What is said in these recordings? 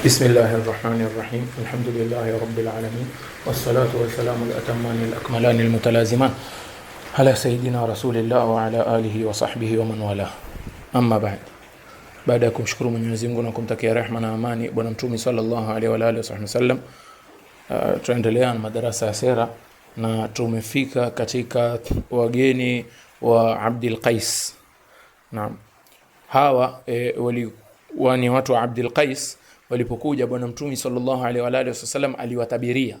بسم الله الرحمن الرحيم الحمد لله رب العالمين والصلاة والسلام الأتمان الأكملان المتلازمان على سيدنا رسول الله وعلى آله وصحبه ومن والاه أما بعد بعد أن شكر من يزيم قناكم تكي رحمة أماني ونمتومي صلى الله عليه وآله وصحبه وسلم آه، ترند ليان مدرسة سيرة نتومي فيك كتيكا وغيني وعبد القيس نعم هاوا إيه، ولي واني واتو عبد القيس walipokuja Bwana Mtume sallallahu alaihi wa alihi wasallam aliwatabiria,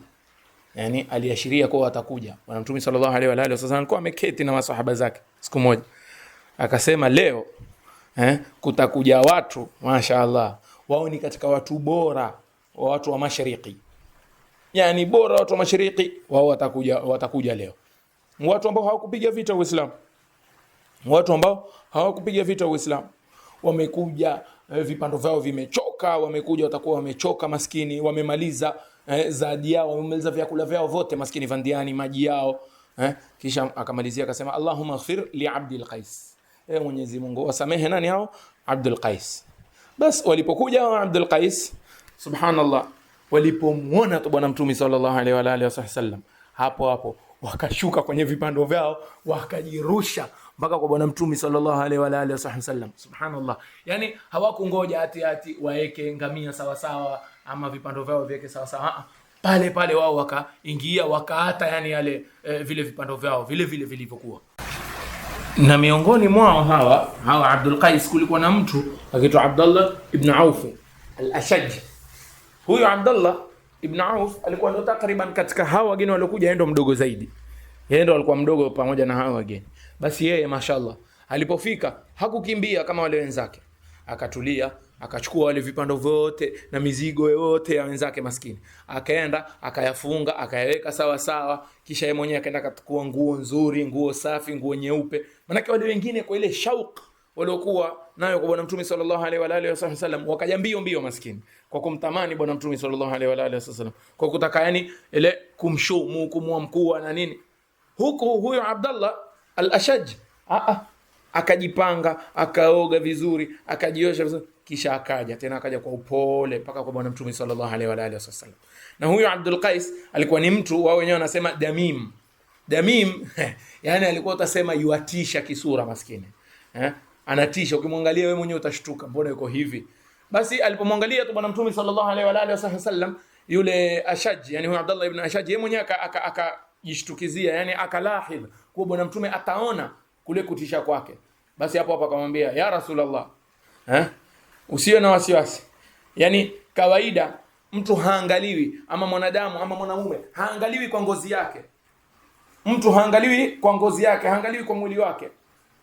yani aliashiria kuwa watakuja. Bwana Mtume sallallahu alaihi wa alihi wasallam alikuwa ameketi na maswahaba zake siku moja, akasema leo eh, kutakuja watu mashaallah, wao ni katika watu bora wa watu wa mashariki, yani bora watu wa mashariki, wao watakuja, watakuja leo, watu ambao hawakupiga vita Uislamu, watu ambao hawakupiga vita Uislamu wamekuja Eh, vipando vyao vimechoka, wamekuja watakuwa wamechoka maskini, wamemaliza eh, zaadi yao, wamemaliza vyakula vyao vyote maskini, vandiani maji yao eh. Kisha akamalizia akasema, Allahumma ighfir li Abdul Qais, eh, Mwenyezi Mungu wasamehe nani hao? Abdul Qais. Bas walipokuja wa Abdul Qais, subhanallah, walipomwona tu bwana Mtume sallallahu alaihi wa alihi wasallam, hapo hapo wakashuka kwenye vipando vyao wakajirusha mpaka kwa Bwana Mtume sallallahu alaihi wa alihi wasallam. Subhanallah, yani hawakungoja ati ati waeke ngamia sawa sawa ama vipando vyao viweke sawa sawa pale pale wao wakaingia wakaata yani yale e, vile vipando vyao vile vile vilivyokuwa. Na miongoni mwao hawa hawa Abdul Qais, kulikuwa na mtu akiitwa Abdullah ibn Auf al-Ashaj. huyo Abdullah ibn Auf alikuwa ndo takriban katika hawa wageni waliokuja, yeye ndo mdogo zaidi, yeye ndo alikuwa mdogo pamoja na hawa wageni. Basi yeye mashallah, alipofika hakukimbia kama wale wenzake, akatulia akachukua wale vipando vyote na mizigo yote ya wenzake maskini, akaenda akayafunga akayaweka sawa sawa, kisha yeye mwenyewe akaenda akachukua nguo nzuri, nguo safi, nguo nyeupe. Manake wale wengine kwa ile shauku waliokuwa nayo kwa Bwana Mtume sallallahu alaihi wa alihi wasallam wakaja mbio mbio maskini, kwa kumtamani Bwana Mtume sallallahu alaihi wa alihi wasallam, kwa kutaka yani ile kumshumu kumwamkua na nini, huku huyo Abdallah al-Ashaj ah, ah. akajipanga akaoga vizuri akajiosha vizuri, kisha akaja tena akaja kwa upole mpaka kwa bwana Mtume sallallahu alaihi wa alihi wasallam. Na huyu Abdul Qais alikuwa ni mtu wao wenyewe wanasema damim damim, yani alikuwa utasema yuatisha kisura, maskini eh, anatisha. Ukimwangalia wewe mwenyewe utashtuka, mbona yuko hivi? Basi alipomwangalia tu bwana Mtume sallallahu alaihi wa alihi wasallam yule Ashaj, yani huyu Abdullah ibn Ashaj, yeye mwenyewe akajishtukizia, yani akalahidh kuwa bwana mtume ataona kule kutisha kwake. Basi hapo hapo akamwambia, ya Rasulullah, eh, usiwe na wasiwasi. Yani kawaida mtu haangaliwi, ama mwanadamu ama mwanamume haangaliwi kwa ngozi yake, mtu haangaliwi kwa ngozi yake, haangaliwi kwa mwili wake,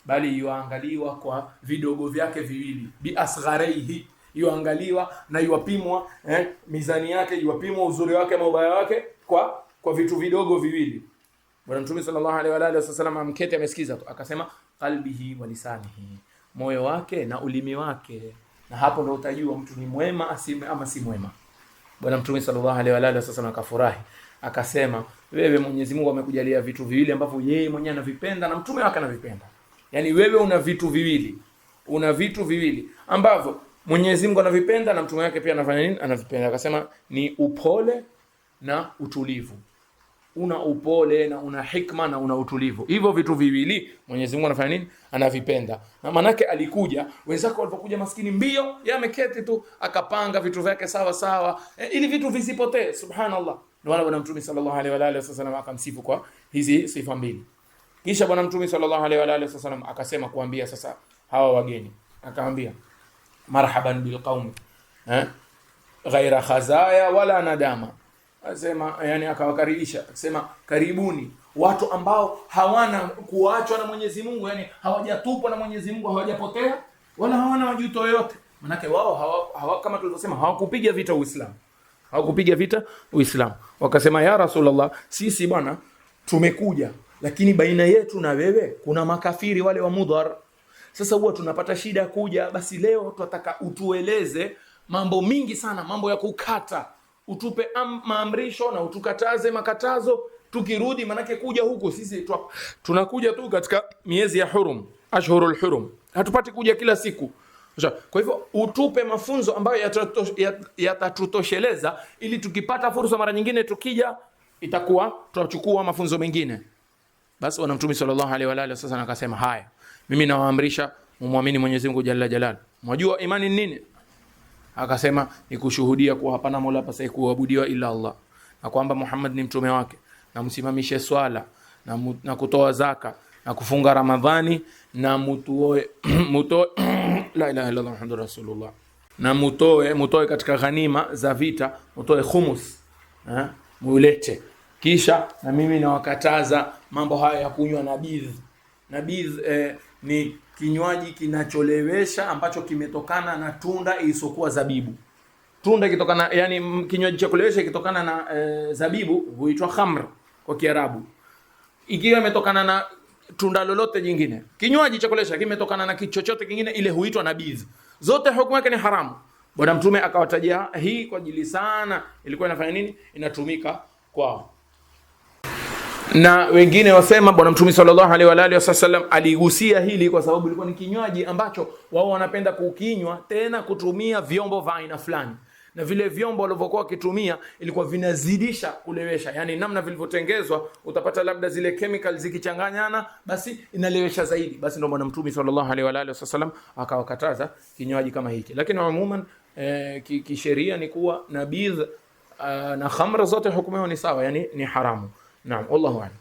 bali yuangaliwa kwa vidogo vyake viwili, bi asghareihi yuangaliwa na yuwapimwa, eh, mizani yake, yuwapimwa uzuri wake maubaya ubaya wake kwa kwa vitu vidogo viwili. Bwana Mtume sallallahu alaihi wa alihi wasallam amkete amesikiza tu akasema qalbihi wa lisanihi, moyo wake na ulimi wake, na hapo ndo utajua mtu ni mwema asime, ama si mwema. Bwana Mtume sallallahu alaihi wa alihi wasallam akafurahi akasema, wewe Mwenyezi Mungu amekujalia vitu viwili ambavyo yeye mwenyewe anavipenda na mtume wake anavipenda. Yaani wewe una vitu viwili, una vitu viwili ambavyo Mwenyezi Mungu anavipenda na mtume wake pia anafanya nini? Anavipenda. Akasema ni upole na utulivu una upole na una hikma na una utulivu. Hivyo vitu viwili Mwenyezi Mungu anafanya nini? Anavipenda. Na manake alikuja, wenzako walipokuja maskini mbio, yeye ameketi tu akapanga vitu vyake sawa sawa, e, ili vitu visipotee. Subhanallah. Ndio wala Bwana Mtume sallallahu alaihi wa alihi wasallam akamsifu kwa hizi sifa mbili. Kisha Bwana Mtume sallallahu alaihi wa alihi wasallam akasema kuambia sasa hawa wageni, akaambia marhaban bil eh, ghaira khazaya wala nadama asema yani, akawakaribisha akasema karibuni watu ambao hawana kuachwa na Mwenyezi Mungu, yani hawajatupwa na Mwenyezi Mungu, hawajapotea wala hawana wajuto yoyote. Manake wao hawa, kama tulivyosema hawakupiga vita Uislamu, hawakupiga vita Uislamu. Wakasema ya Rasulullah, sisi bwana tumekuja, lakini baina yetu na wewe kuna makafiri wale wa Mudhar. Sasa huwa tunapata shida ya kuja, basi leo tunataka utueleze mambo mingi sana, mambo ya kukata utupe maamrisho na utukataze makatazo tukirudi. Manake kuja huku sisi twa, tunakuja tu katika miezi ya hurum, ashhurul hurum, hatupati kuja kila siku. Kwa hivyo utupe mafunzo ambayo yatatutosheleza yata ili tukipata fursa mara nyingine tukija, itakuwa tutachukua mafunzo mengine. Basi bwana Mtume sallallahu alaihi wa alihi wasallam akasema haya, mimi nawaamrisha mumwamini Mwenyezi Mungu jalla jalal. Mwajua imani nini? akasema ni kushuhudia kuwa hapana mola pasai kuabudiwa ila Allah na kwamba Muhammad ni mtume wake, na msimamishe swala na, na kutoa zaka na kufunga Ramadhani na mutoe mutoe la ilaha illallah muhammadur rasulullah na mutoe mutoe katika ghanima za vita, mutoe khumus ha? Eh, muulete kisha na mimi nawakataza mambo haya ya kunywa nabidh. Nabidh eh, ni kinywaji kinacholewesha ambacho kimetokana na tunda isokuwa zabibu. Tunda kitokana, yani kinywaji cha kulewesha kitokana na e, zabibu huitwa khamr kwa Kiarabu. Ikiwa imetokana na tunda lolote jingine, kinywaji cha kulewesha kimetokana na kichochote kingine, ile huitwa nabiz. Zote hukumu yake ni haramu. Bwana Mtume akawatajia hii kwa ajili sana ilikuwa inafanya nini, inatumika kwao na wengine wasema Bwana Mtume sallallahu alaihi wa alihi wasallam aligusia hili kwa sababu ilikuwa ni kinywaji ambacho wao wanapenda kukinywa, tena kutumia vyombo vya aina fulani, na vile vyombo walivyokuwa wakitumia ilikuwa vinazidisha kulewesha, yani namna vilivyotengezwa, utapata labda zile chemical zikichanganyana, basi inalewesha zaidi. Basi ndio Bwana mtumi sallallahu alaihi wa alihi wasallam akawakataza kinywaji kama hiki, lakini umuman eh, kisheria ni kuwa nabidh uh, ah, na khamra zote hukumu yao ni sawa, yani ni haramu. Naam, wallahu a'lam.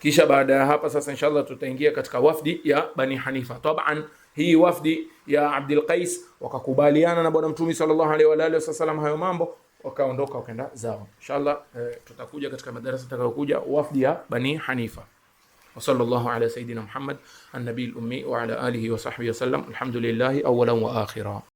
Kisha baada ya hapa sasa inshallah tutaingia katika wafdi ya Bani Hanifa. Taban hii wafdi ya Abdul Qais wakakubaliana na bwana Mtume sallallahu alaihi wa alihi wasallam hayo mambo, wakaondoka wakaenda zao. Inshallah eh, tutakuja katika madarasa tutakayokuja wafdi ya Bani Hanifa. Wa sallallahu ala sayidina Muhammad an-nabiyil ummi wa ala alihi wa sahbihi wasallam. Alhamdulillah awwalan wa akhira.